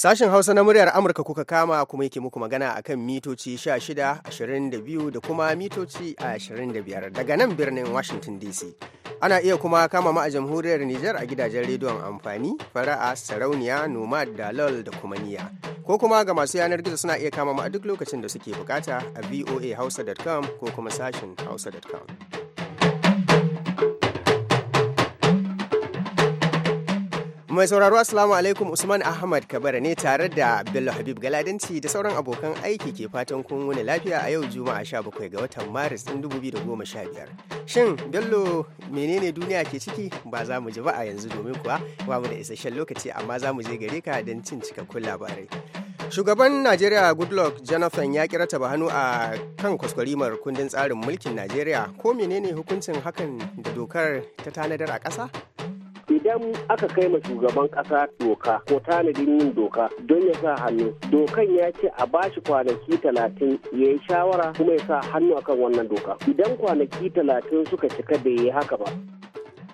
Sashen Hausa na muryar Amurka kuka kama kuma yake muku magana akan mitoci 16, 22 da kuma mitoci 25 daga nan birnin Washington DC. Ana iya kuma kama ma a jamhuriyar Nijar a gidajen rediyon amfani, fara'a, sarauniya, nomad, dalol da kuma niya. Ko kuma ga masu yanar gizo suna iya kama ma a duk lokacin da suke bukata a voahausa.com ko kuma sashen hausa.com. Mai sauraro Assalamu alaikum Usman Ahmad Kabara ne tare da Bello Habib Galadanci da sauran abokan aiki ke fatan kun wani lafiya a yau Juma'a 17 ga watan Maris ɗin 2015. Shin Bello menene duniya ke ciki ba za mu ji ba a yanzu domin kuwa ba mu da isasshen lokaci amma za mu je gare ka don cin cikakkun labarai. Shugaban Najeriya Goodluck Jonathan ya kira taba hannu a kan kwaskwarimar kundin tsarin mulkin Najeriya ko menene hukuncin hakan da dokar ta tanadar a ƙasa? idan aka kai ma shugaban ƙasa doka ko tanadin yin doka don ya sa hannu dokan ya ce a bashi kwanaki talatin ya yi shawara kuma ya sa hannu akan wannan doka idan kwanaki talatin suka cika bai yi haka ba.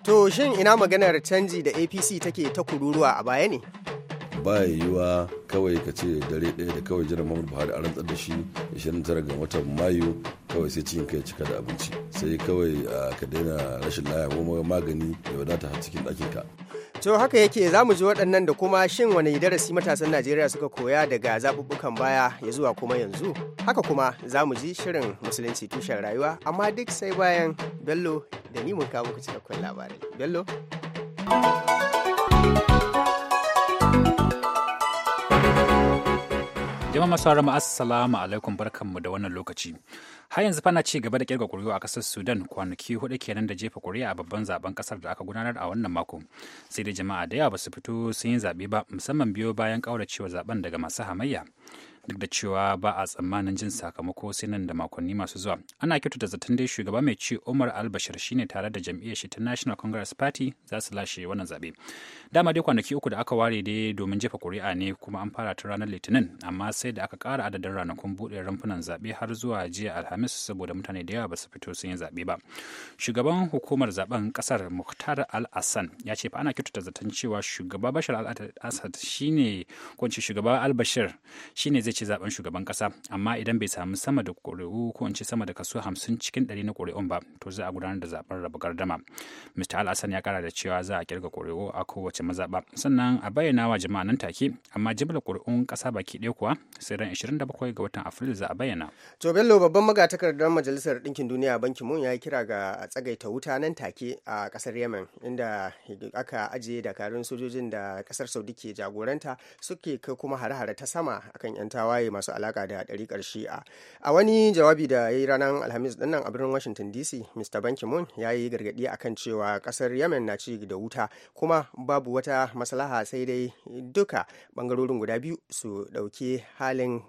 To shin ina maganar canji da APC take ta kururuwa a baya ne? ba yiwuwa kawai ka ce dare daya da kawai jiran muhammadu buhari a rantsar da shi 29 ga watan mayu kawai sai cikin kai cika da abinci sai kawai ka daina rashin laya ko magani da wadata har cikin ɗakin ka to haka yake za mu ji waɗannan da kuma shin wani darasi matasan najeriya suka koya daga zaɓuɓɓukan baya ya zuwa kuma yanzu haka kuma za mu ji shirin musulunci tushen rayuwa amma duk sai bayan bello da ni mun kawo muku cikakkun labarai bello Jama'a masu haramu assalamu alaikum barkanmu da wannan lokaci. Har yanzu fana ci gaba da kirga kuri'u a kasar Sudan kwanaki hudu kenan da jefa kuri'a a babban zaben kasar da aka gudanar a wannan mako. Sai da jama'a da yawa ba su fito sun yi zaɓe ba musamman biyo bayan cewa zaben daga masu hamayya. duk da cewa ba a tsammanin jin sakamako sai nan da makonni masu zuwa ana kyautata zaton dai shugaba mai ci umar albashir shine tare da jam'iyyar shi ta national congress party za su lashe wannan zaɓe dama dai kwanaki uku da aka ware dai domin jefa kuri'a ne kuma an fara ta ranar litinin amma sai da aka kara adadin ranakun buɗe rumfunan zabe har zuwa jiya alhamis saboda mutane da yawa ba su fito sun yi zabe ba shugaban hukumar zaben kasar muhtar al-assan ya ce fa ana kyautata zaton cewa shugaba bashar al-assad shine ko shugaba albashir shine zai ci zaben shugaban kasa amma idan bai samu sama da ƙuri'u ko in ce sama da kaso hamsin cikin ɗari na ƙuri'un ba to za a gudanar da zaben raba gardama Mr. al ya kara da cewa za a kirga ƙuri'u a kowace mazaɓa sannan a bayyana wa jama'a nan take amma jimlar ƙuri'un kasa baki ɗaya kuwa sai ran 27 ga watan afril za a bayyana. To Bello babban magatakardar Majalisar Ɗinkin Duniya bankin mu ya yi kira ga tsagaita wuta nan take a ƙasar Yemen inda aka ajiye dakarun sojojin da ƙasar Saudi ke jagoranta suke kai kuma hare-hare ta sama akan 'yan tawa tawaye masu alaka da ɗariƙar shi'a a wani jawabi da ya yi ranar alhamis dinnan a birnin washington dc mr ban ki ya yi gargaɗi kan cewa ƙasar yemen na ci da wuta kuma babu wata maslaha sai dai duka ɓangarorin guda biyu su ɗauki halin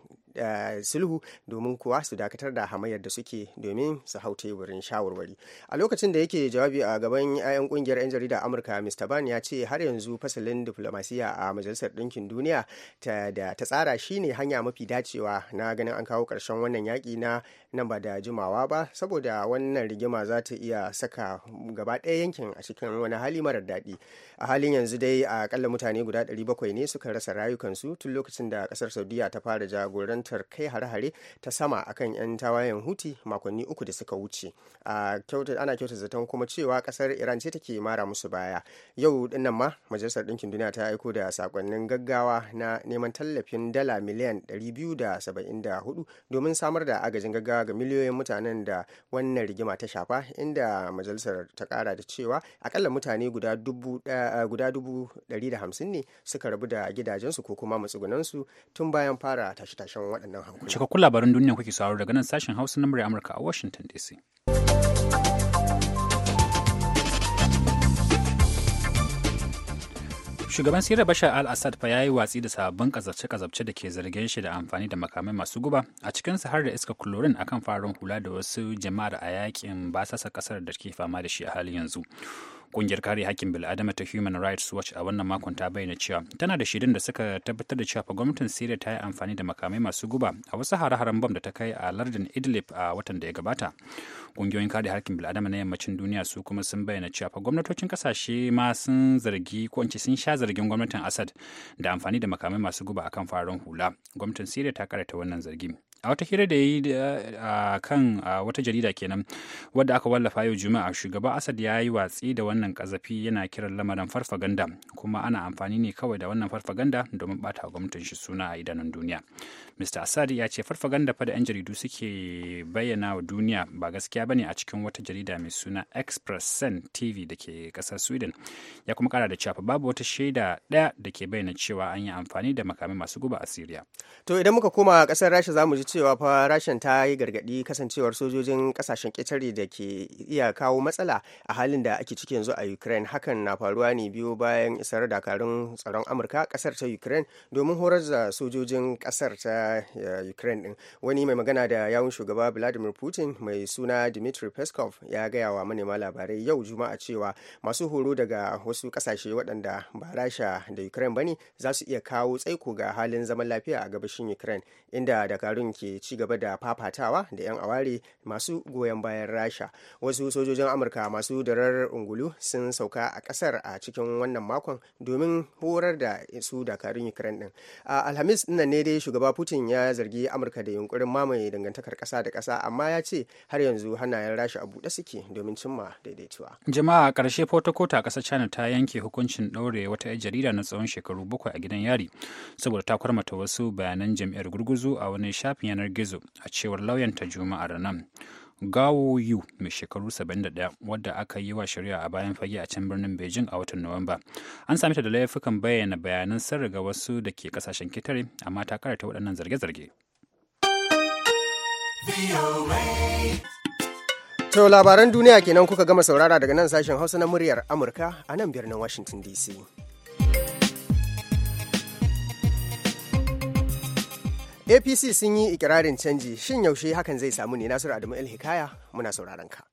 sulhu domin kuwa su dakatar da hamayar da suke domin su hau teburin shawarwari a lokacin da yake jawabi a gaban 'ya'yan kungiyar 'yan jarida amurka mr ban ya ce har yanzu fasalin diflomasiya a majalisar ɗinkin duniya ta da ta tsara shine hanya mafi dacewa na ganin an kawo ƙarshen wannan yaƙi na nan ba da jimawa ba saboda wannan rigima za ta iya saka gaba ɗaya yankin a cikin wani hali marar daɗi a halin yanzu dai akalla mutane guda 700 ne suka rasa rayukansu tun lokacin da ƙasar saudiya ta fara jagoranta farautar kai hare-hare ta sama akan 'yan tawayen huti makonni uku da suka wuce ana kyauta zaton kuma cewa kasar iran ce take mara musu baya yau dinnan ma majalisar ɗinkin duniya ta aiko da sakonnin gaggawa na neman tallafin dala miliyan 274 domin samar da agajin gaggawa ga miliyoyin mutanen da wannan rigima ta shafa inda majalisar ta kara da cewa akalla mutane guda dubu 150 eh, ne suka rabu da gidajensu ko kuma matsugunansu tun bayan fara tashe-tashen waɗannan hankula. Cikakkun labaran duniya kuke sauraro daga nan sashen Hausa na murya Amurka a Washington DC. Shugaban Sira Bashar al-Assad fa ya yi watsi da sababbin kazabce-kazabce da ke zargin shi da amfani da makamai masu guba a cikin su har da iska kulorin akan farin hula da wasu jama'ar a yakin basasa kasar da ke fama da shi a halin yanzu. Kungiyar kare hakkin bil'adama ta Human Rights Watch a wannan makon ta bayyana cewa tana da shirin da suka tabbatar da cewa gwamnatin Syria ta yi amfani da makamai masu guba a wasu hare-haren da ta kai a lardin Idlib a watan da ya gabata. Kungiyoyin kare hakkin bil'adama na yammacin duniya su kuma sun bayyana cewa gwamnatocin kasashe ma sun zargi ko sun sha zargin gwamnatin Assad da amfani da makamai masu guba akan fararen hula. Gwamnatin Syria ta karata wannan zargin a wata hira da ya yi a kan wata jarida kenan wadda aka wallafa yau juma'a shugaba asad ya yi watsi da wannan kazafi yana kiran lamarin farfaganda kuma ana amfani ne kawai da wannan farfaganda domin bata gwamnatin shi suna a idanun duniya mr asad ya ce farfaganda fa da yan jaridu suke bayyana wa duniya ba gaskiya bane a cikin wata jarida mai suna sen tv da ke kasar sweden ya kuma kara da cewa babu wata shaida ɗaya da ke bayyana cewa an yi amfani da makamai masu guba a syria to idan muka koma kasar rasha za mu ji cewa fa rashin ta yi gargaɗi kasancewar sojojin kasashen ƙetare da ke iya kawo matsala a halin da ake ciki yanzu a ukraine hakan na faruwa ne biyu bayan isar dakarun tsaron amurka ƙasar ta ukraine domin horar da sojojin ƙasar ta eh, ukraine din wani mai magana da yawun shugaba vladimir putin mai suna dmitry peskov ya gaya wa manema labarai yau juma'a cewa masu horo daga wasu ƙasashe waɗanda ba rasha da ukraine ba ne za su iya kawo tsaiko ga halin zaman lafiya a gabashin ukraine inda dakarun ke ci gaba da fafatawa da 'yan aware masu goyon bayan rasha wasu sojojin amurka masu darar ungulu sun sauka a kasar a cikin wannan makon domin horar da su dakarun ukraine din a alhamis nan ne dai shugaba putin ya zargi amurka da yunkurin mamaye dangantakar kasa da kasa amma ya ce har yanzu hannayen rasha a buɗe suke domin cimma daidaituwa jama'a karshe fotokota a ƙasar china ta yanke hukuncin ɗaure wata 'yar jarida na tsawon shekaru bakwai a gidan yari saboda ta kwarmata wasu bayanan jam'iyyar gurguzu a wani shafin yanar gizo a cewar lauyanta juma'ar nan gawo yu mai shekaru 71 wadda aka yi wa shari'a a bayan fage a can birnin beijing a watan nuwamba an sami ta da laifukan bayyana bayanan sirri ga wasu da ke kasashen ketare amma ta karata waɗannan zarge-zarge To labaran duniya kenan kuka gama saurara daga nan sashen hausa na muryar amurka a nan birnin washington dc apc sun yi ikirarin canji shin yaushe hakan zai samu ne nasiru adamu el hikaya muna sauraron ka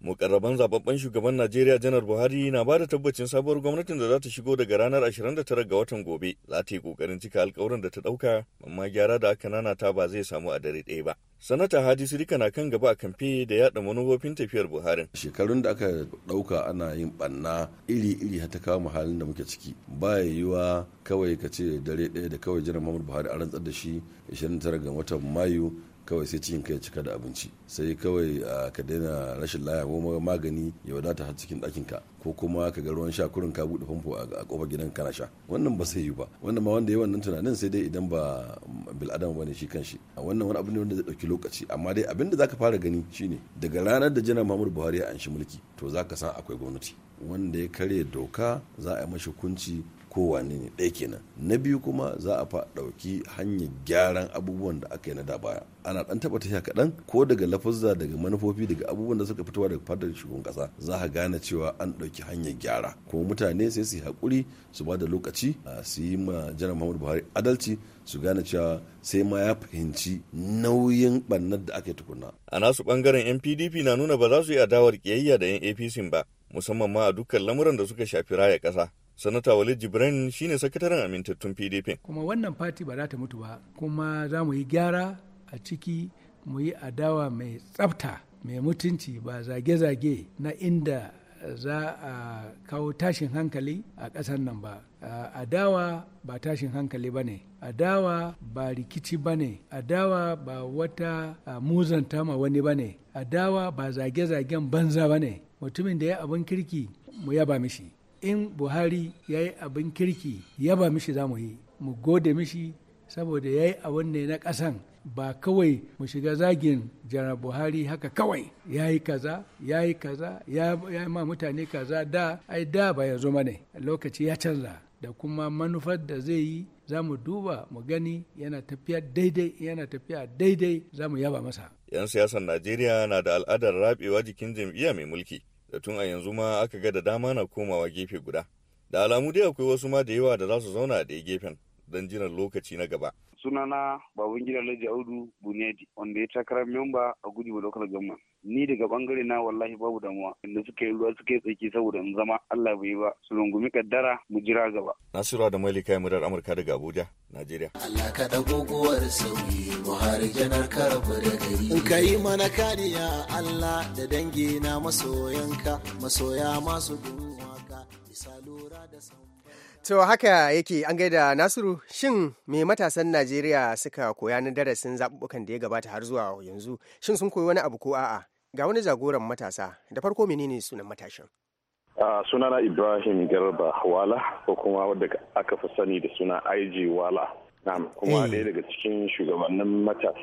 mukarraban zababben shugaban najeriya janar buhari na ba da tabbacin sabuwar gwamnatin da za ta shigo daga ranar 29 ga watan gobe za ta yi kokarin cika alkawarin da ta dauka amma gyara da aka nanata ba zai samu a dare ɗaya ba Sanata Hadi Sirika na kan gaba a kamfe da yada manufofin tafiyar Buhari. Shekarun da aka dauka ana yin banna iri-iri hata ta kawo halin da muke ciki. Ba yiwuwa kawai ka ce dare ɗaya da kawai jiran Muhammadu Buhari a rantsar da shi 29 ga watan Mayu kawai sai cikin ka ya cika da abinci sai kawai ka daina rashin laya ko magani ya wadata har cikin ɗakin ka ko kuma ka ga ruwan sha kurin ka buɗe famfo a kofar gidan kana sha wannan ba sai yi ba wannan ma wanda ya wannan tunanin sai dai idan ba mm, bil adam bane shi kanshi a wannan wani abu ne wanda zai ɗauki lokaci amma dai abin da zaka fara gani shine daga ranar da janar mahmud Buhari ya anshi mulki to zaka san akwai gwamnati wanda ya karya doka za a yi mashi hukunci kowane ne ɗaya kenan na biyu kuma za a fa ɗauki hanyar gyaran abubuwan da aka yi na da baya ana ɗan taɓa tasha kaɗan ko daga lafazza daga manufofi daga abubuwan da suka fitowa daga fadar shugaban ƙasa za a gane cewa an ɗauki hanyar gyara kuma mutane sai su yi haƙuri su ba da lokaci su yi ma janar muhammadu buhari adalci su gane cewa sai ma ya fahimci nauyin ɓannar da aka yi tukuna. a nasu ɓangaren yan pdp na nuna ba za su yi adawar ƙiyayya da yan apc ba musamman ma a dukkan lamuran da suka shafi raya ƙasa sanata walid jibrin shine sakataren amintattun pdp kuma wannan fati ba za ta mutu ba kuma za mu yi gyara a ciki mu yi adawa mai tsafta mai mutunci ba zage-zage na inda za a kawo tashin hankali a ƙasar nan ba adawa ba tashin hankali ba ne adawa ba rikici ba ne adawa ba wata muzanta ma wani ba ne adawa ba zage-zagen banza ba ne mutumin da ya abin kirki mu yaba mishi in buhari ya yi abin kirki yaba mishi za mu yi mu gode mishi saboda ya yi abin ne na ƙasan ba kawai mu shiga zagin jara buhari haka kawai ya yi kaza ya yi kaza ya yi ma mutane kaza da ai da ba ya zo mane lokaci ya canza da kuma manufar da zai yi za mu duba mu gani yana tafiya daidai yana tafiya daidai za mu yaba masa 'yan siyasar najeriya na da al'adar rabewa jikin jam'iyya mai mulki da tun a yanzu ma aka ga da dama na komawa gefe guda da alamu dai akwai wasu ma da yawa da za su zauna a ɗaya gefen don jiran lokaci na gaba sunana babangida lajiyar audu bunedi wanda ya takarar memba a gudu local government ni daga bangare na wallahi babu damuwa inda suka yi ruwa suka yi tsaki saboda in zama Allah bai ba su rungumi kaddara mu jira gaba Nasiru da Malika ya murar Amurka daga Abuja Najeriya Allah ka da guguwar sauyi Buhari janar karbu da gari in ka yi mana kariya Allah da dangi na masoyanka masoya masu ka isa lura da sauyi To haka yake an gaida Nasiru shin me matasan Najeriya suka koya na darasin zaɓuɓɓukan da ya gabata har zuwa yanzu shin sun koyi wani abu ko a'a ga wani jagoran matasa da farko menene sunan matashin? Uh, sunana Ibrahim Garba Wala ko kuma wadda aka fi sani da suna IG Wala. Na'am kuma ɗaya eh. daga cikin shugabannin mata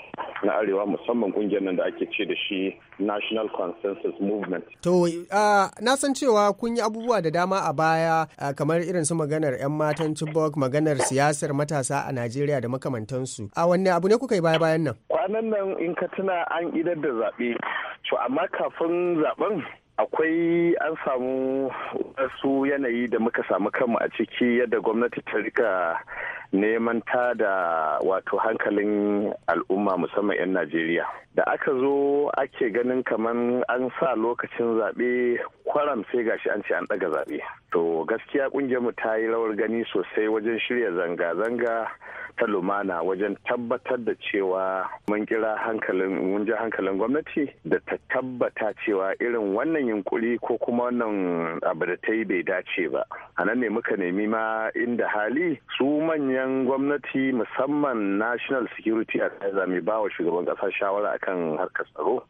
na arewa musamman kungiyar nan da ake ce da shi National Consensus Movement. To na san cewa kun yi abubuwa da dama a baya kamar irin su maganar 'yan matan Chibok, maganar siyasar matasa a Najeriya da makamantansu. A wanne abu ne kuka yi baya bayan nan? Kwanan nan in ka tuna an idar da zaɓe. To amma kafin zaɓen akwai an samu wasu yanayi da muka samu kanmu a ciki yadda gwamnati ta rika neman ta da wato hankalin al'umma musamman 'yan najeriya da aka zo ake ganin kamar an sa lokacin zaɓe kwaram sai gashi an ce an ɗaga zaɓe to gaskiya ƙungiyarmu ta yi rawar gani sosai wajen shirya zanga-zanga ta lumana wajen tabbatar da cewa mun kira hankalin mun ji hankalin gwamnati da ta tabbata cewa irin wannan yunkuri ko kuma wannan abu da ta yi bai dace ba a nan ne muka nemi ma inda hali su manyan gwamnati musamman national security advisor mai bawa shugaban kasa shawara akan harkar tsaro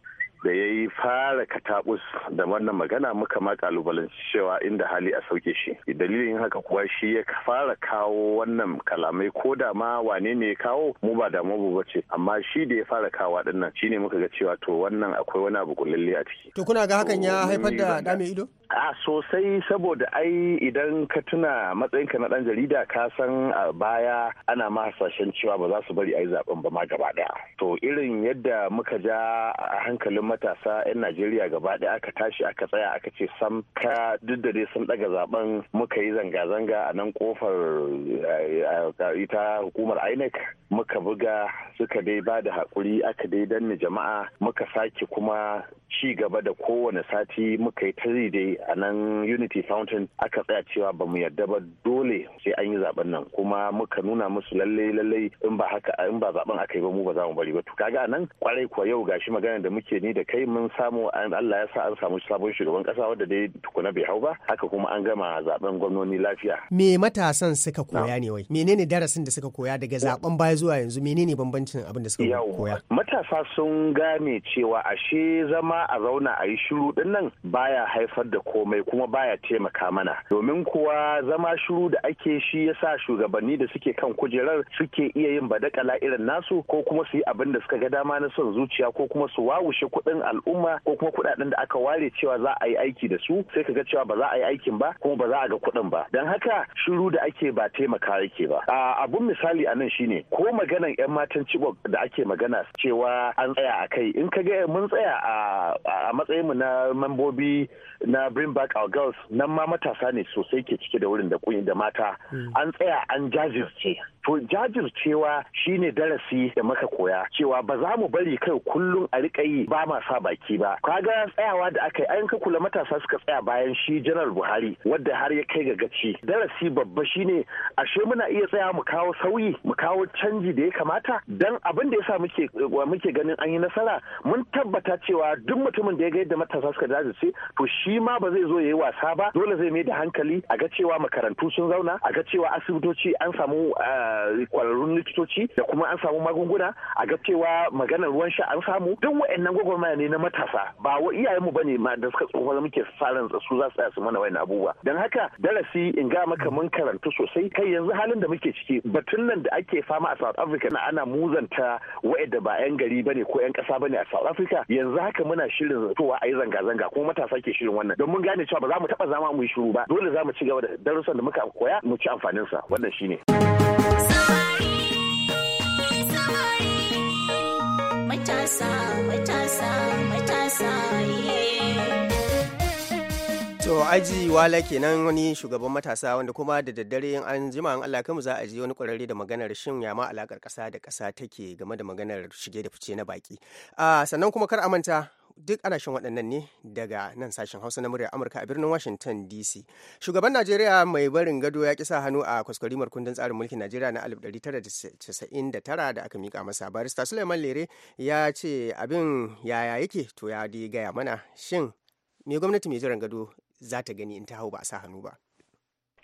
da ya yi fara katabus da wannan magana muka ma kalubalen cewa inda hali a sauke shi dalilin haka kuwa shi ya fara kawo wannan kalamai ko da ma wane ne ya kawo mu ba mu ba ce amma shi da ya fara kawo dinnan shine muka ga cewa to wannan akwai wani abu kullalle a ciki to kuna ga hakan ya haifar da dame ido a sosai saboda ai idan ka tuna matsayinka na dan jarida ka san a baya ana ma hasashen cewa ba za su bari a yi zaben ba ma gaba daya to irin yadda muka ja a hankalin matasa 'yan najeriya gaba ɗaya aka tashi aka tsaya aka ce sam ka duk da dai sun ɗaga zaben muka yi zanga-zanga a nan kofar eh, eh, ita hukumar inec muka buga suka dai ba da hakuri aka dai danne jama'a muka sake kuma ci gaba da kowane sati muka yi tari dai a nan unity fountain aka tsaya cewa ba mu yarda ba dole sai an yi zaben nan kuma muka nuna musu lallai lalle in ba haka in ba zaben aka yi ba mu ba za mu bari ba to kaga nan kwarai kuwa yau gashi magana da muke ni da kai mun samu an Allah ya sa an samu sabon shugaban kasa wanda dai tukuna bai hau ba haka kuma an gama zaben gwamnoni lafiya me matasan suka koya ne wai menene darasin da suka koya daga zaben baya zuwa yanzu menene bambancin abin da suka koya matasa sun gane cewa ashe zama a zauna a yi shiru din nan baya haifar da komai kuma baya taimaka mana domin kuwa zama shiru da ake shi yasa shugabanni da suke kan kujerar suke iya yin badakala irin nasu ko kuma su yi abin da suka ga dama na son zuciya ko kuma su wawushe kuɗi kuɗin al'umma ko kuma kuɗaɗen da aka ware cewa za a yi aiki da su sai ka ga cewa ba za a yi aikin ba kuma ba za a ga kuɗin ba don haka shiru da ake ba taimaka yake ba a abun misali a nan shine ko maganan 'yan matan cibok da ake magana cewa an tsaya a kai in ka ga mun tsaya a matsayinmu na mambobi na bring back our girls nan ma matasa ne sosai ke cike da wurin da da mata hmm. an tsaya an jazirce. to jajircewa shine darasi da maka koya cewa ba za mu bari kai kullum a rika yi ba ma sa baki ba kaga tsayawa da aka yi an ka kula matasa suka tsaya bayan shi general buhari wadda har ya kai ga gaci darasi babba shine ashe muna iya tsaya mu kawo sauyi mu kawo canji da ya kamata dan abin da yasa muke muke ganin an yi nasara mun tabbata cewa duk mutumin da ya ga yadda matasa suka jajirce to shi ma ba zai zo ya yi wasa ba dole zai mai da hankali a ga cewa makarantu sun zauna a ga cewa asibitoci an samu ah, kwararrun likitoci da kuma an samu magunguna a ga cewa maganar ruwan sha an samu duk wa'annan gwagwarmaya ne na matasa ba wa mu bane ma da suka da muke sa su za su tsaya su mana wani abubuwa dan haka darasi in ga maka mun karanta sosai kai yanzu halin da muke ciki batun nan da ake fama a South Africa na ana muzanta wa'anda ba 'yan gari bane ko 'yan kasa bane a South Africa yanzu haka muna shirin zatowa a yi zanga-zanga kuma matasa ke shirin wannan don mun gane cewa ba za mu taɓa zama mu yi shiru ba dole za mu ci gaba da darussan da muka koya mu ci amfaninsa wannan shine. aji wala kenan wani shugaban matasa wanda kuma da daddare in an jima an Allah kamu za a ji wani kwararre da maganar shin yama alakar kasa da kasa take game da maganar shige da fice na baki. sannan kuma kar amanta duk ana shan waɗannan ne daga nan sashen hausa na muryar amurka a birnin washington dc shugaban najeriya mai barin gado ya kisa hannu a kwaskwarimar kundin tsarin mulkin najeriya na 1999 da aka mika masa barista suleiman lere ya ce abin yaya yake to ya dai gaya mana shin me gwamnati mai jiran gado za ta gani in ta hau ba a sa hannu ba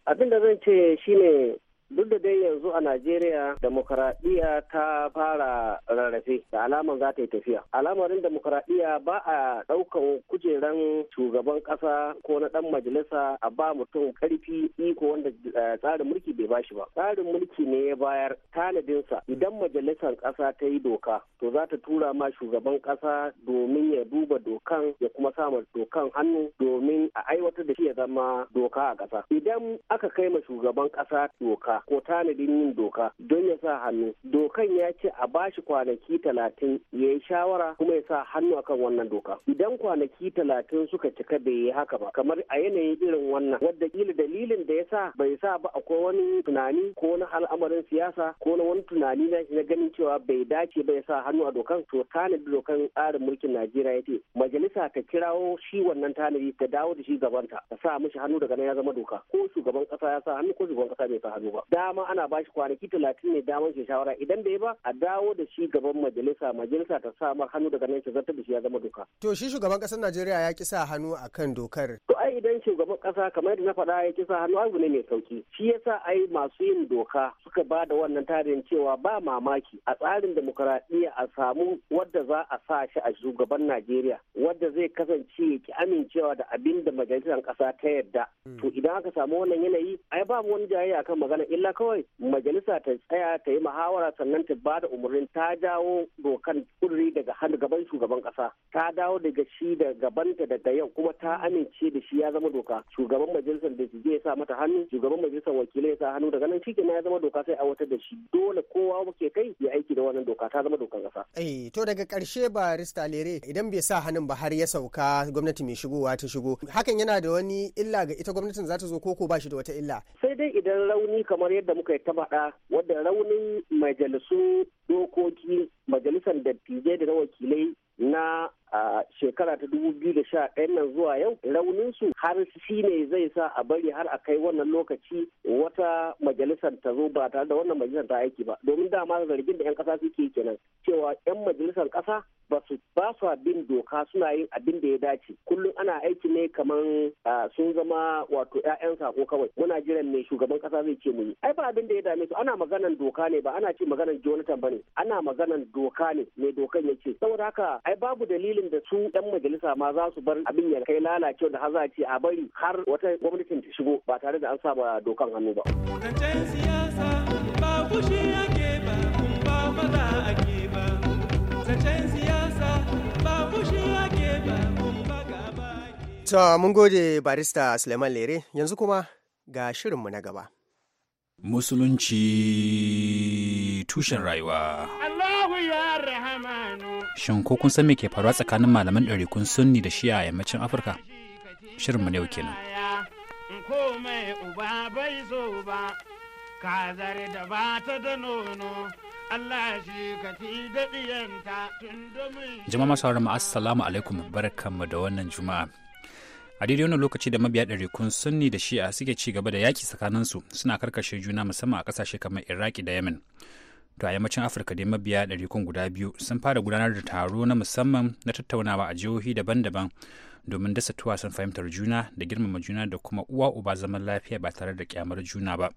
abin da zan ce shine duk da dai yanzu a najeriya demokaradiyya ta fara rarrafe da alamar za ta yi tafiya alamarin demokaradiyya ba a ɗaukan kujeran shugaban ƙasa ko na ɗan majalisa a ba mutum ƙarfi iko wanda eh, tsarin mulki bai bashi ba tsarin mulki ne ya bayar tanadinsa idan majalisar ƙasa ta yi doka to za ta tura ma shugaban ƙasa domin ya duba dokan ya kuma sa dokan hannu domin a aiwatar da shi ya zama doka a ƙasa idan aka kai ma shugaban ƙasa doka ko tanadin yin doka don ya sa hannu dokan ya ce a bashi kwanaki talatin ya yi shawara kuma ya sa hannu akan wannan doka idan kwanaki talatin suka cika bai yi haka ba kamar a yanayin irin wannan wadda kila dalilin da ya sa bai sa ba akwai wani tunani ko na al'amarin siyasa ko na wani tunani na na ganin cewa bai dace ba ya sa hannu a dokan to tanadi dokan tsarin mulkin najeriya ya ce majalisa ta kirawo shi wannan tanadi ta dawo da shi gabanta ta sa mishi hannu daga nan ya zama doka ko shugaban kasa ya sa hannu ko shugaban kasa bai sa hannu ba dama ana ba shi kwanaki talatin ne damar shi shawara idan bai ba a dawo da shi gaban majalisa majalisa ta sa hannu daga nan shi zartar da shi ya zama doka. To shi shugaban ƙasar Najeriya ya sa hannu a kan dokar. To ai idan shugaban kasa kamar yadda na faɗa ya kisa hannu abu ne mai sauki. Shi yasa ai masu yin doka suka ba da wannan tarin cewa ba mamaki a tsarin demokuraɗiyya a samu wadda za a sa shi a shugaban Najeriya wadda zai kasance ki amincewa da abin da majalisar ƙasa ta yarda. Hmm. To idan aka samu wannan yanayi ai ba mu wani jayayya akan magana illa kawai majalisa ta tsaya ta yi muhawara sannan ta bada da umarnin ta dawo dokan kuduri daga hannu gaban shugaban kasa ta dawo daga shi da gabanta daga yau kuma ta amince da shi ya zama doka shugaban majalisar da ya sa mata hannu shugaban majalisar wakilai ya sa hannu daga nan shi ya zama doka sai aiwatar da shi dole kowa muke kai ya aiki da wannan doka ta zama dokan kasa. eh to daga karshe ba rista lere idan bai sa hannun ba har ya sauka gwamnati mai shigowa ta shigo hakan yana da wani illa ga ita gwamnatin za ta zo ko ba shi da wata illa. sai dai idan rauni kamar kamar yadda muka yi ta faɗa wadda raunin majalisun dokoki majalisar dattijai da na wakilai na shekara ta dubu biyu da sha ɗaya nan zuwa yau rauninsu har shi ne zai sa a bari har a kai wannan lokaci wata majalisar ta zo ba tare da wannan majalisar ta aiki ba domin dama zargin da 'yan kasa suke kenan cewa 'yan majalisar kasa ba su ba su bin doka suna yin abin da ya dace kullum ana aiki ne kamar sun zama wato 'ya'yan sako kawai muna jiran ne shugaban kasa zai ce mu yi ai ba abin da ya dame su ana maganan doka ne ba ana ce maganan jonathan ba ne ana maganan doka ne mai dokan ya ce saboda haka ai babu dalilin da su yan majalisa ma za su bar abin ya kai lalacewa da haza ce a bari har wata gwamnatin ta shigo ba tare da an saba dokan hannu ba. siyasa mun gode barista Suleiman Lere yanzu kuma ga shirinmu na gaba. Musulunci tushen rayuwa. Shin ko kun san me ke faruwa tsakanin malaman ɗarikun sunni da shi'a a yammacin Afirka? Shirinmu ne kenan. Jama'a masu haramu assalamu alaikum barkanmu da wannan juma'a. a daidai wani lokaci da mabiya ɗarikun sunni da shi'a suke ci gaba da yaƙi tsakaninsu suna karkashe juna musamman a ƙasashe kamar iraki da yemen to a yammacin afirka dai mabiya ɗari kun guda biyu sun fara gudanar da taro na musamman na tattaunawa a jihohi daban-daban domin dasa tuwa sun fahimtar juna da girmama juna da kuma uwa uba zaman lafiya ba tare da kyamar juna ba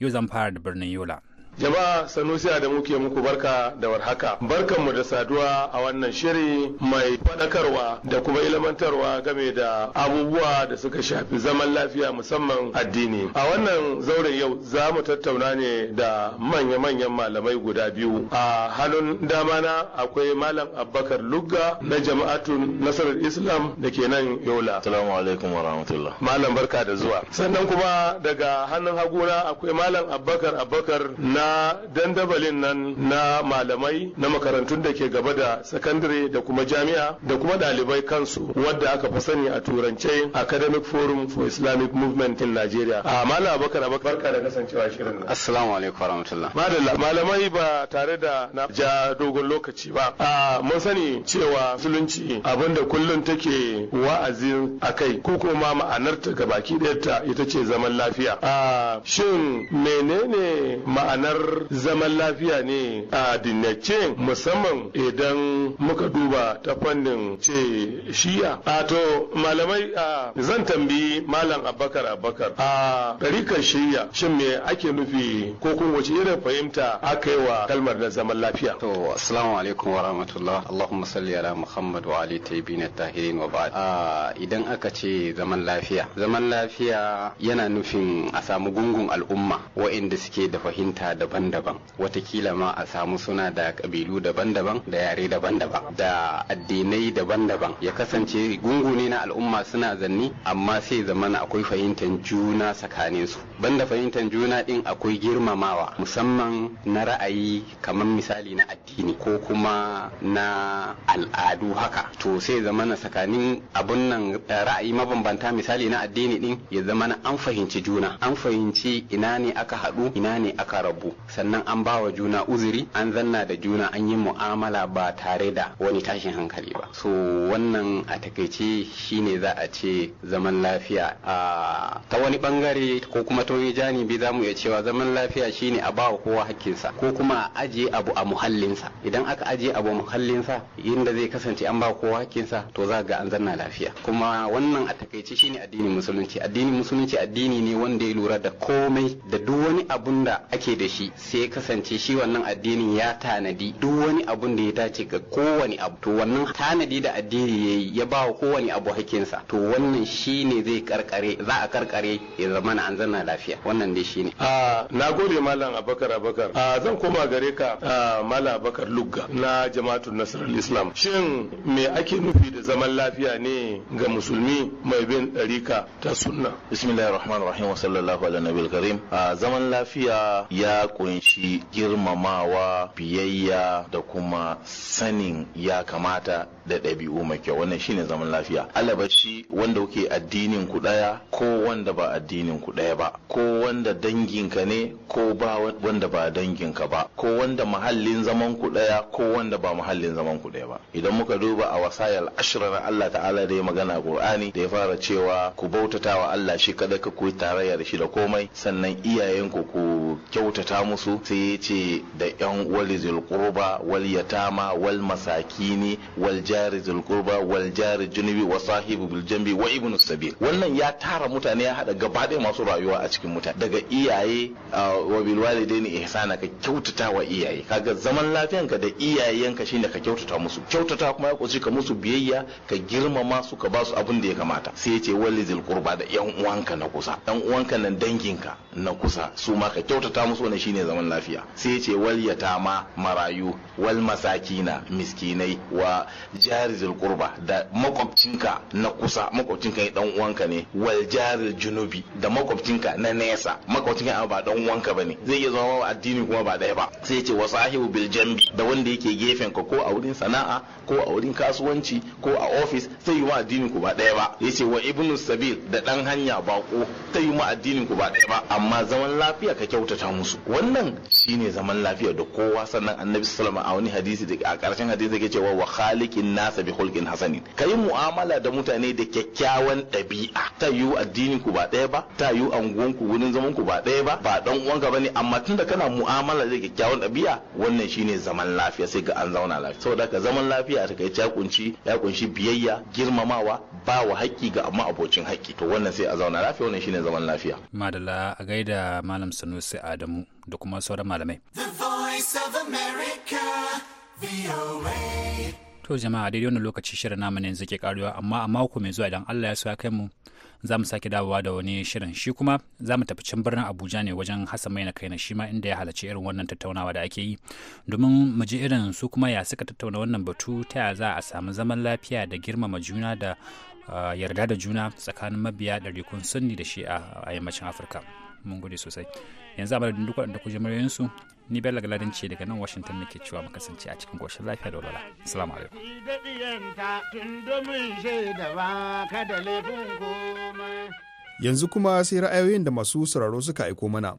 yau zan fara da birnin yola Jama'a Sanusi da muke muku barka da warhaka. mu da saduwa a wannan shiri mai faɗakarwa da kuma ilmantarwa game da abubuwa da suka shafi zaman lafiya musamman addini. A wannan zauren yau za mu tattauna ne da manya-manyan malamai guda biyu. A hannun na akwai Malam Abubakar Lugga na jama'atun Nasarar Islam da ke nan Yola. Assalamu alaikum wa rahmatullah. Malam barka da zuwa. Sannan kuma daga hannun haguna akwai Malam Abubakar Abubakar na na dandabalin nan na malamai na makarantun da ke gaba da sakandare da kuma jami'a da kuma dalibai kansu wadda aka fi sani a turance academic forum for islamic movement in nigeria a mala abokan barka da kasancewa shirin nan assalamu alaikum wa rahmatullah malamai ba tare da na ja dogon lokaci ba a mun sani cewa musulunci abinda kullum take wa'azin a kai ko kuma ma'anarta gabaki ɗayarta ita ce zaman lafiya a shin menene ma'anar kamar zaman lafiya ne a dinnace musamman idan muka duba ta fannin ce shiya a to malamai a zan tambayi malam abakar abakar a ɗarikar shiya shin me ake nufi ko kuma wace irin fahimta aka yi wa kalmar na zaman lafiya to assalamu alaikum wa rahmatullah allahumma salli ala muhammad wa ali tayyibin tahirin wa ba'd idan aka ce zaman lafiya zaman lafiya yana nufin a samu gungun al'umma wa'inda suke da fahimta da daban-daban watakila ma a samu suna da kabilu daban-daban da yare daban-daban da addinai daban-daban ya kasance gungu ne na al'umma suna zanni amma sai zamana akwai fahimtar juna tsakanin su banda fahimtar juna din akwai girmamawa musamman na ra'ayi kamar misali na addini ko kuma na al'adu haka to sai zamana tsakanin abun nan eh, ra'ayi mabambanta misali na addini din ya zamana an fahimci juna an fahimci ina ne aka haɗu ina ne aka rabu sannan an ba wa juna uzuri an zanna da juna an yi mu'amala ba tare da wani tashin hankali ba so wannan a takaice shine za a ce zaman lafiya a ta wani bangare ko kuma ta wani janibi za mu iya cewa zaman lafiya shine a ba wa kowa hakkinsa ko kuma a ajiye abu a muhallinsa idan aka ajiye abu a muhallinsa inda zai kasance an ba kowa hakkinsa to za ga an zanna lafiya kuma wannan a takaice shine addinin musulunci addinin musulunci addini ne wanda ya lura da komai da duk wani abun da ake da shi shi sai kasance shi wannan addinin ya tanadi duk wani abun da ya dace ga kowane abu to wannan tanadi da addini ya yi ya bawa wa kowane abu hakinsa to wannan shi ne zai karkare za a karkare ya zama na an zanna lafiya wannan dai shi ne. na gode malam abakar abakar zan koma gare ka malam abakar lugga na jama'atul nasarar islam shin me ake nufi da zaman lafiya ne ga musulmi mai bin ɗarika ta sunna bismillahir rahmanir rahim wa sallallahu ala nabiyil karim zaman lafiya ya kunshi girmamawa biyayya da kuma sanin ya kamata da ɗabi'u mai kyau wannan shine zaman lafiya alabashi wanda kuke addinin ku ɗaya ko wanda ba addinin ku ɗaya ba ko wanda danginka ne ko ba wanda ba danginka ba ko wanda mahallin zaman ku ɗaya ko wanda ba mahallin zaman ku ɗaya ba idan muka duba a wasayal ashra na Allah ta'ala da ya magana Qur'ani da ya fara cewa ku bautatawa Allah shi kada ka ku tarayya da shi da komai sannan iyayenku ku kyautata kyautata musu sai ya ce da yan wali zulqurba wal yatama wal masakini wal jari zulqurba wal jari junubi wa sahibu bil jambi wa ibnu sabil wannan ya tara mutane ya hada gaba masu rayuwa a cikin mutane daga iyaye wa bil walidaini ihsana ka kyautata wa iyaye kaga zaman lafiyanka da iyayenka shine ka kyautata musu kyautata kuma ya kusi ka musu biyayya ka girmama su ka ba su abin da ya kamata sai ya ce wali zulqurba da yan uwanka na kusa dan uwanka nan danginka na kusa su ma ka kyautata musu ne shine zaman lafiya sai ce wal yatama marayu wal masakina miskinai wa jarizul qurba da makwabcinka na kusa makwabcinka ne dan uwanka ne wal jaril junubi da makwabcinka na nesa makwabcinka ba dan uwanka bane zai iya zama addini kuma ba daya ba sai ce wa sahibu bil da wanda yake gefen ka ko a wurin sana'a ko a wurin kasuwanci ko a ofis sai yi ma addinin ku ba daya ba ce wa ibnu sabil da dan hanya bako sai yi ma addinin ku ba daya ba amma zaman lafiya ka kyautata musu wannan shine zaman lafiya da kowa sannan annabi sallama a wani hadisi a karshen hadisi ke cewa wa khaliqin nasa bi hulqin hasanin kai mu'amala da mutane da kyakkyawan ɗabi'a ta yiwu addinin ku ba ɗaya ba ta yiwu anguwan ku wurin zaman ku ba ɗaya ba ba dan uwan ka bane amma tunda kana mu'amala da kyakkyawan ɗabi'a wannan shine zaman lafiya sai ga an zauna lafiya saboda ka zaman lafiya ta kai ya kunci ya kunshi biyayya girmamawa ba wa haƙƙi ga amma abocin haƙƙi to wannan sai a zauna lafiya wannan shine zaman lafiya madalla a gaida malam sanusi adamu da kuma sauran malamai. To jama'a daidai wani lokaci shirin namu ne yanzu ke karuwa amma a mako mai zuwa idan Allah ya so ya kai mu za mu sake dawowa da wani shirin shi kuma za mu tafi can birnin Abuja ne wajen Hassan Maina na shi ma inda ya halarci irin wannan tattaunawa da ake yi domin mu ji irin su kuma ya suka tattauna wannan batu ta ya za a samu zaman lafiya da girmama juna da yarda da juna tsakanin mabiya ɗarikun sunni da shi'a a yammacin afirka mun gode sosai yanzu a madadin duk waɗanda kuje muryoyinsu ni bella galadin ce daga nan washington nake cewa mu kasance a cikin goshin lafiya da walwala salamu alaikum yanzu kuma sai ra'ayoyin da masu sauraro suka aiko mana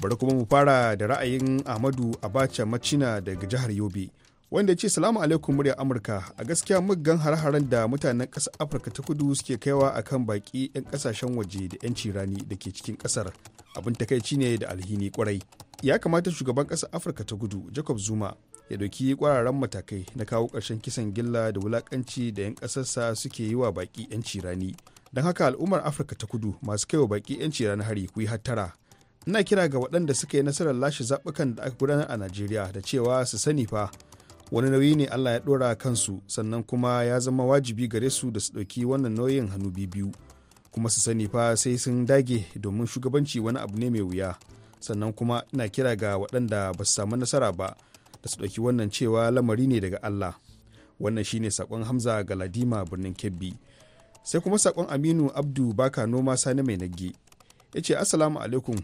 bari kuma mu fara da ra'ayin ahmadu abacha macina daga jihar yobe wanda ya ce salamu alaikum murya amurka a gaskiya muggan hare-haren da mutanen ƙasar afirka ta kudu suke kaiwa akan baƙi 'yan ƙasashen waje da 'yanci rani da ke cikin ƙasar abin takaici ne da alhini kwarai ya kamata shugaban ƙasar afirka ta kudu jacob zuma ya ɗauki ƙwararren matakai na kawo ƙarshen kisan gilla da wulaƙanci da 'yan ƙasarsa suke yi wa baƙi 'yanci rani don haka al'ummar afirka ta kudu masu kaiwa baƙi 'yanci rani hari ku yi hattara ina kira ga waɗanda suka yi nasarar lashe zaɓukan da aka gudanar a najeriya da cewa su sani fa wani nauyi ne allah ya ɗora kansu sannan kuma ya zama wajibi gare su da su ɗauki wannan nauyin hannu biyu kuma su sani fa sai sun dage domin shugabanci wani abu ne mai wuya sannan kuma ina kira ga waɗanda ba su samu nasara ba da su ɗauki wannan cewa lamari ne daga allah wannan shine sakon hamza ga ladima birnin kebbi sai kuma sakon aminu abdu baka noma sani mai nagge ya ce assalamu alaikum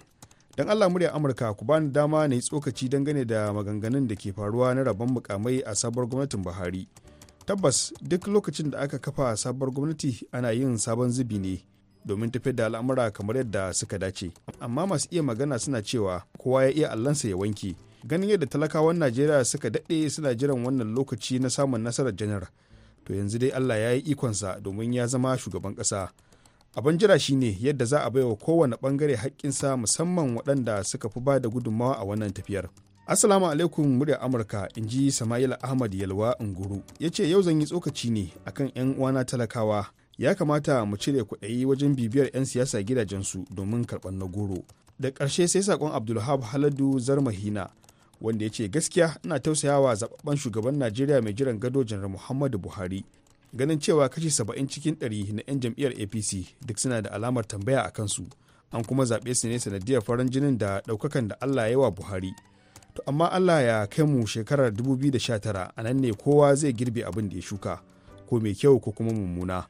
don allah murya amurka ku bani dama na yi tsokaci dangane da maganganun da ke faruwa na rabon mukamai a sabuwar gwamnatin buhari tabbas duk lokacin da aka kafa sabuwar gwamnati ana yin sabon zubi ne domin tafiyar da al'amura kamar yadda suka dace amma masu iya magana suna cewa kowa ya iya allansa ya wanke ganin yadda talakawan najeriya suka daɗe suna jiran wannan lokaci na samun nasarar janar to yanzu dai allah ya yi ikonsa domin ya zama shugaban ƙasa abin jira shine yadda za a baiwa kowane bangare haƙƙinsa musamman waɗanda suka fi ba da gudunmawa a wannan tafiyar Assalamu alaikum Murya Amurka in ji Sama'ila Ahmad Yalwa Nguru ya ce yau zan yi tsokaci ne akan 'yan uwana talakawa ya kamata mu cire kuɗayi wajen bibiyar 'yan siyasa gidajensu domin karɓar na goro. Da ƙarshe sai saƙon Abdulhab Haladu Zarmahina wanda ya ce gaskiya ina tausayawa zaɓaɓɓen shugaban Najeriya mai jiran gado Janar Muhammadu Buhari ganin cewa kashi 70 cikin 100 na 'yan jam'iyyar apc duk suna da alamar tambaya a kansu an kuma zaɓe su ne sanadiyar farin jinin da ɗaukakan da allah ya wa buhari to amma allah ya kai mu shekarar 2019 a nan ne kowa zai girbe abin da ya shuka ko mai kyau ko kuma mummuna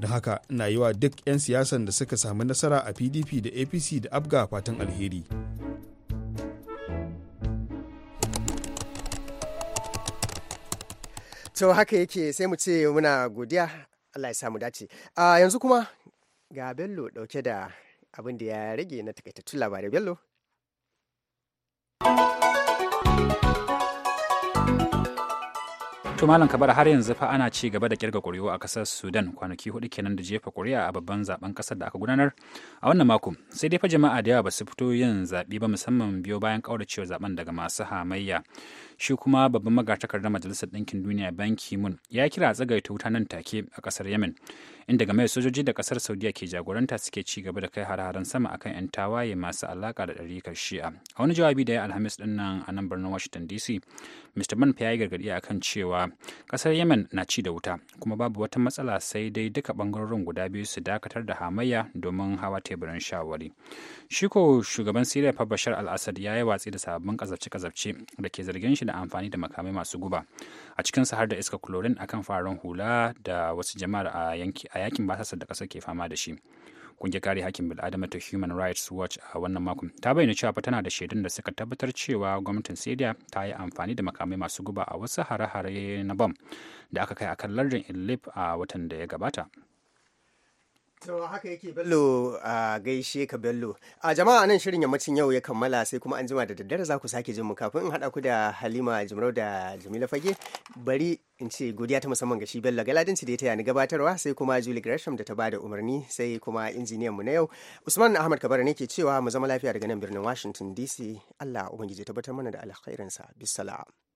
don haka na yi wa duk 'yan siyasan da suka sami nasara a pdp da apc da abga fatan alheri to haka yake sai mu ce muna godiya Allah ya samu dace a yanzu kuma ga bello dauke da abin da ya rage na takaitattun labarai bello to malam kabar har yanzu fa ana ci gaba da kirga kuri'u a kasar sudan kwanaki hudu kenan da jefa kuri'a a babban zaben kasar da aka gudanar a wannan mako sai dai fa jama'a da yawa ba su fito yin zaɓe ba musamman biyo bayan kauracewa zaben daga masu hamayya shi kuma babban na majalisar ɗinkin duniya ban kimun ya kira a tsagaita wuta nan take a ƙasar yemen inda game sojoji da ƙasar saudiya ke jagoranta suke ci gaba da kai har-haren sama akan 'yan tawaye masu alaƙa da ɗarikar shi'a a wani jawabi da ya alhamis ɗin nan a nan birnin washington dc mr ban ya yi gargaɗi kan cewa ƙasar yemen na ci da wuta kuma babu wata matsala sai dai duka ɓangarorin guda biyu su dakatar da hamayya domin hawa teburin shawari shi ko shugaban siriya fa bashar al ya yi watsi da sababbin kazafce-kazafce da ke zargin shi da da amfani da makamai masu guba a cikin har da iska chlorine akan faran hula da wasu jama'ar a yakin basasar da ƙasar ke fama da shi kungiyar kare hakkin bil'adama ta human rights watch a wannan makon ta bayyana cewa tana da shaidun da suka tabbatar cewa gwamnatin syria ta yi amfani da makamai masu guba a wasu hare-hare na bam da aka kai a kan lardin idlib a watan da ya gabata To haka yake Bello a gaishe ka Bello. A jama'a nan shirin yammacin yau ya kammala sai kuma an jima da daddare za ku sake jin mu kafin in hada ku da Halima Jumrau da Jamila Fage. Bari in ce godiya ta musamman ga shi Bello Galadinci da ya taya ni gabatarwa sai kuma Julie Gresham da ta bada umarni sai kuma injiniyan mu na yau Usman Ahmad Kabara ne ke cewa mu zama lafiya daga nan birnin Washington DC. Allah ubangiji tabbatar mana da alkhairinsa. Bisalam.